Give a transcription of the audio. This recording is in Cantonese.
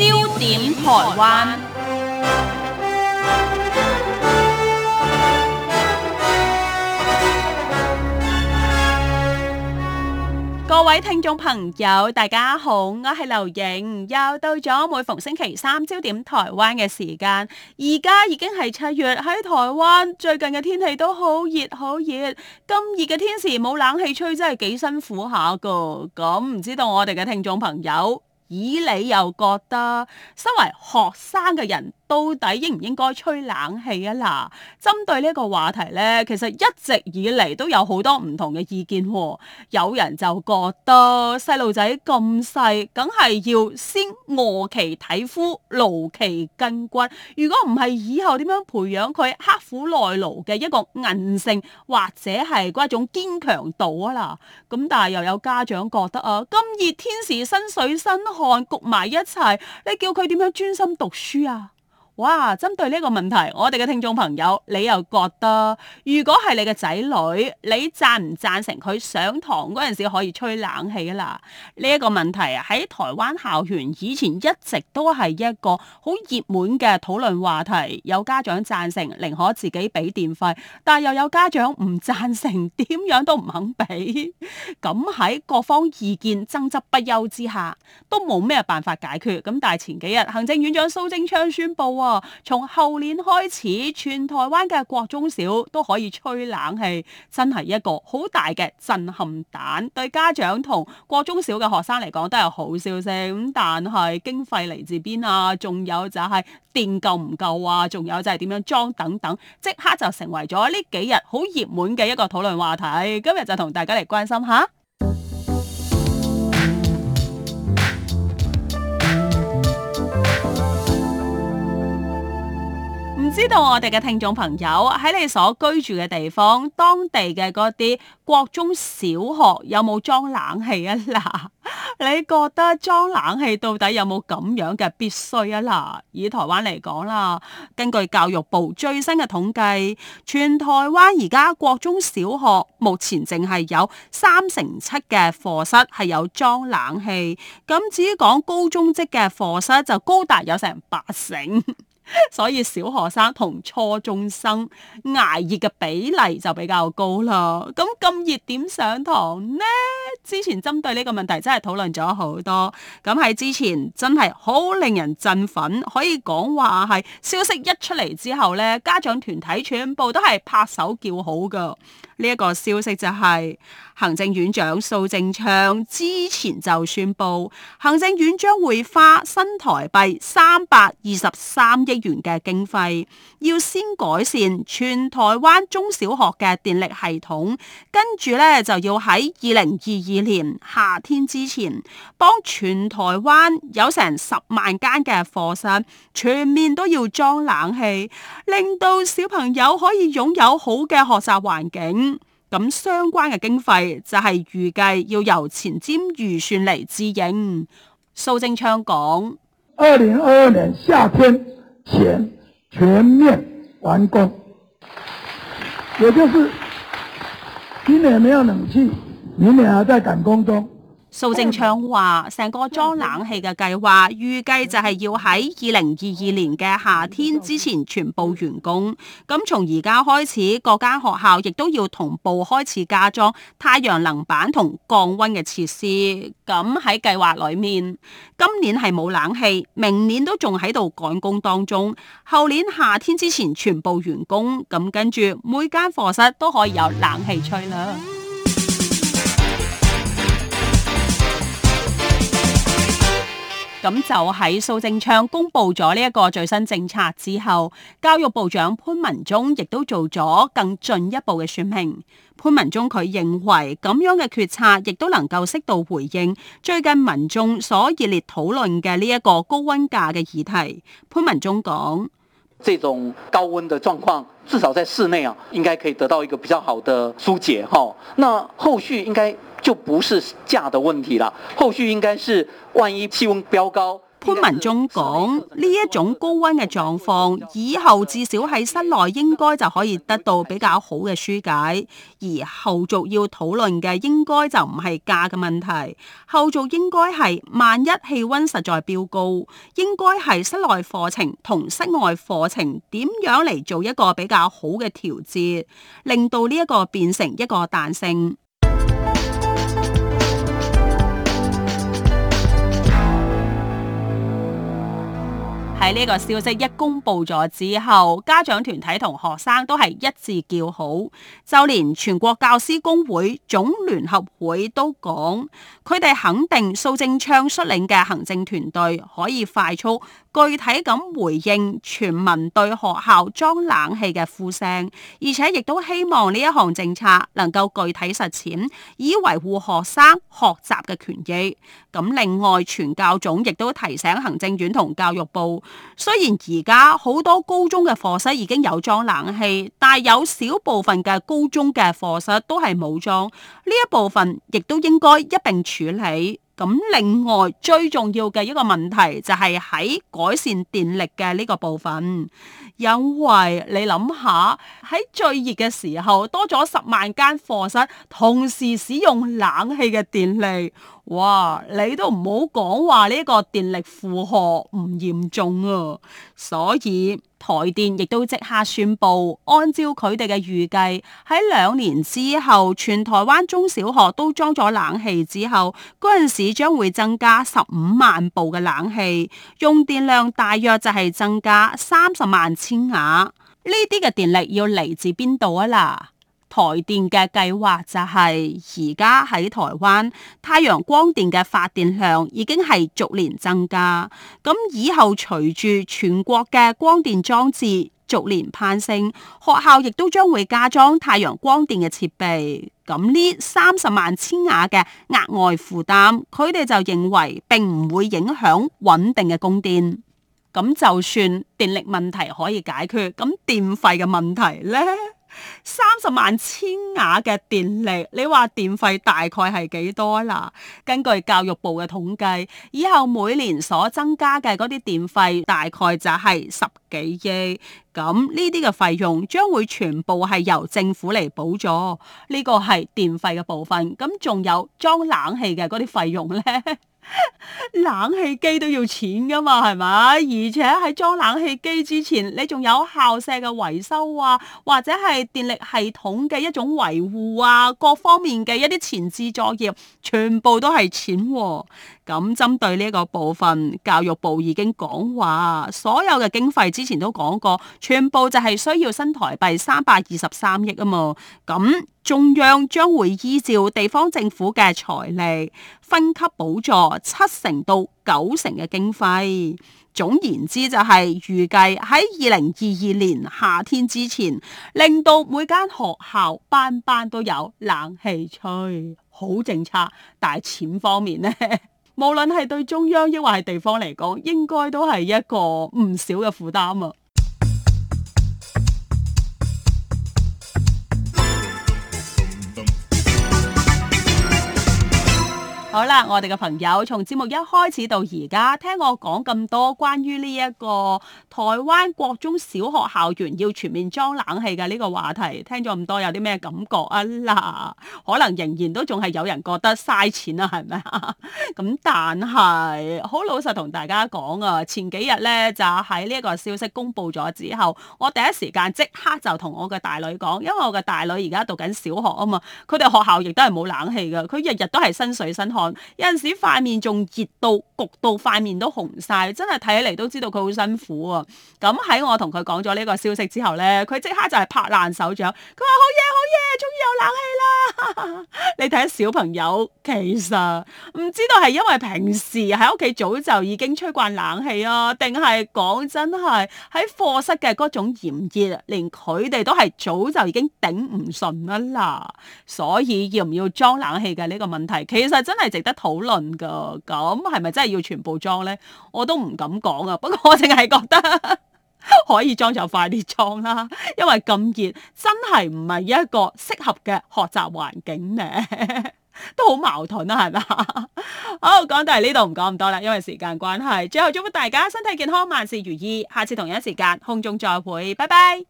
焦點台灣，各位聽眾朋友，大家好，我係劉瑩，又到咗每逢星期三焦點台灣嘅時間。而家已經係七月，喺台灣最近嘅天氣都好熱，好熱。咁熱嘅天時冇冷氣吹，真係幾辛苦下噶。咁唔知道我哋嘅聽眾朋友。以你又覺得，身為學生嘅人。到底應唔應該吹冷氣啊？嗱，針對呢個話題呢，其實一直以嚟都有好多唔同嘅意見，哦。有人就覺得細路仔咁細，梗係要先餓其體膚，勞其筋骨。如果唔係，以後點樣培養佢刻苦耐勞嘅一個韌性，或者係嗰一種堅強度啊？嗱，咁但係又有家長覺得啊，咁熱天時身水身汗焗埋一齊，你叫佢點樣專心讀書啊？哇！針對呢個問題，我哋嘅聽眾朋友，你又覺得如果係你嘅仔女，你贊唔贊成佢上堂陣時可以吹冷氣啊？嗱，呢一個問題喺台灣校園以前一直都係一個好熱門嘅討論話題，有家長贊成寧可自己俾電費，但係又有家長唔贊成，點樣都唔肯俾。咁 喺各方意見爭執不休之下，都冇咩辦法解決，咁但係前幾日行政院長蘇貞昌宣布啊！哦，從後年開始，全台灣嘅國中小都可以吹冷氣，真係一個好大嘅震撼彈。對家長同國中小嘅學生嚟講，都係好消息。咁但係經費嚟自邊啊？仲有就係電夠唔夠啊？仲有就係點樣裝等等，即刻就成為咗呢幾日好熱門嘅一個討論話題。今日就同大家嚟關心下。知道我哋嘅聽眾朋友喺你所居住嘅地方，當地嘅嗰啲國中小學有冇裝冷氣啊？嗱，你覺得裝冷氣到底有冇咁樣嘅必須啊？嗱，以台灣嚟講啦，根據教育部最新嘅統計，全台灣而家國中小學目前淨係有三成七嘅課室係有裝冷氣，咁至於講高中職嘅課室就高達有成八成。 所以小學生同初中生捱熱嘅比例就比較高啦。咁咁熱點上堂呢？之前針對呢個問題真係討論咗好多。咁喺之前真係好令人振奮，可以講話係消息一出嚟之後呢，家長團體全部都係拍手叫好噶。呢一個消息就係、是、行政院長蘇貞昌之前就宣布，行政院將會花新台幣三百二十三億元嘅經費，要先改善全台灣中小學嘅電力系統，跟住呢，就要喺二零二二年夏天之前，幫全台灣有成十萬間嘅課室全面都要裝冷氣，令到小朋友可以擁有好嘅學習環境。咁相關嘅經費就係預計要由前瞻預算嚟支應。蘇貞昌講：二零二二年夏天前全面完工，也就是今年沒有冷氣，明年還在趕工中。蘇貞昌話：成個裝冷氣嘅計劃預計就係要喺二零二二年嘅夏天之前全部完工。咁從而家開始，各間學校亦都要同步開始加裝太陽能板同降温嘅設施。咁喺計劃裏面，今年係冇冷氣，明年都仲喺度趕工當中，後年夏天之前全部完工。咁跟住每間課室都可以有冷氣吹啦。咁就喺蘇貞昌公布咗呢一個最新政策之後，教育部長潘文忠亦都做咗更進一步嘅說明。潘文忠佢認為咁樣嘅決策亦都能夠適度回應最近民眾所熱烈討論嘅呢一個高温假嘅議題。潘文忠講：，這種高温的狀況至少在室內啊，應該可以得到一個比較好的疏解。那後續應該。就不是價的問題啦，後續應該是萬一氣溫飆高。潘文忠講呢一種高溫嘅狀況，以後至少喺室內應該就可以得到比較好嘅紓解，而後續要討論嘅應該就唔係價嘅問題，後續應該係萬一氣溫實在飆高，應該係室內課程同室外課程點樣嚟做一個比較好嘅調節，令到呢一個變成一個彈性。喺呢個消息一公布咗之後，家長團體同學生都係一致叫好，就連全國教師工會總聯合會都講，佢哋肯定蘇貞昌率領嘅行政團隊可以快速。具體咁回應全民對學校裝冷氣嘅呼聲，而且亦都希望呢一項政策能夠具體實踐，以維護學生學習嘅權益。咁另外，全教總亦都提醒行政院同教育部，雖然而家好多高中嘅課室已經有裝冷氣，但有少部分嘅高中嘅課室都係冇裝，呢一部分亦都應該一併處理。咁另外最重要嘅一個問題就係喺改善電力嘅呢個部分，因為你諗下喺最熱嘅時候多咗十萬間課室同時使用冷氣嘅電力，哇！你都唔好講話呢個電力負荷唔嚴重啊，所以。台電亦都即刻宣布，按照佢哋嘅預計，喺兩年之後，全台灣中小學都裝咗冷氣之後，嗰陣時將會增加十五萬部嘅冷氣，用電量大約就係增加三十萬千瓦。呢啲嘅電力要嚟自邊度啊啦？台電嘅計劃就係而家喺台灣太陽光電嘅發電量已經係逐年增加，咁以後隨住全國嘅光電裝置逐年攀升，學校亦都將會加裝太陽光電嘅設備。咁呢三十萬千瓦嘅額外負擔，佢哋就認為並唔會影響穩定嘅供電。咁就算電力問題可以解決，咁電費嘅問題呢？三十萬千瓦嘅電力，你話電費大概係幾多啦？根據教育部嘅統計，以後每年所增加嘅嗰啲電費大概就係十幾億。咁呢啲嘅費用將會全部係由政府嚟補助，呢個係電費嘅部分。咁仲有裝冷氣嘅嗰啲費用呢。冷氣機都要錢㗎嘛，係咪？而且喺裝冷氣機之前，你仲有校舍嘅維修啊，或者係電力系統嘅一種維護啊，各方面嘅一啲前置作業，全部都係錢。咁針對呢個部分，教育部已經講話，所有嘅經費之前都講過，全部就係需要新台幣三百二十三億啊嘛。咁中央將會依照地方政府嘅財力，分級補助七成到九成嘅經費。總言之，就係預計喺二零二二年夏天之前，令到每間學校班班都有冷氣吹，好政策。但係錢方面呢？ 無論係對中央，亦或係地方嚟講，應該都係一個唔少嘅負擔啊。好啦，我哋嘅朋友從節目一開始到而家，聽我講咁多關於呢一個台灣國中小學校園要全面裝冷氣嘅呢個話題，聽咗咁多，有啲咩感覺啊？啦，可能仍然都仲係有人覺得嘥錢啊，係咪啊？咁 但係好老實同大家講啊，前幾日咧就喺呢一個消息公布咗之後，我第一時間即刻就同我嘅大女講，因為我嘅大女而家讀緊小學啊嘛，佢哋學校亦都係冇冷氣嘅，佢日日都係身水身汗。有陣時塊面仲熱到焗到塊面都紅晒，真係睇起嚟，都知道佢好辛苦啊。咁喺我同佢講咗呢個消息之後呢，佢即刻就係拍爛手掌，佢話好嘢，好嘢，終於有冷氣啦！ 你睇下小朋友，其實唔知道係因為平時喺屋企早就已經吹慣冷氣啊，定係講真係喺課室嘅嗰種炎熱，連佢哋都係早就已經頂唔順啦。所以要唔要裝冷氣嘅呢個問題，其實真係。值得討論噶，咁係咪真係要全部裝呢？我都唔敢講啊。不過我淨係覺得 可以裝就快啲裝啦，因為咁熱真係唔係一個適合嘅學習環境呢， 都好矛盾啦，係咪？ 好，講到呢度，唔講咁多啦，因為時間關係。最後祝福大家身體健康，萬事如意。下次同一時間空中再會，拜拜。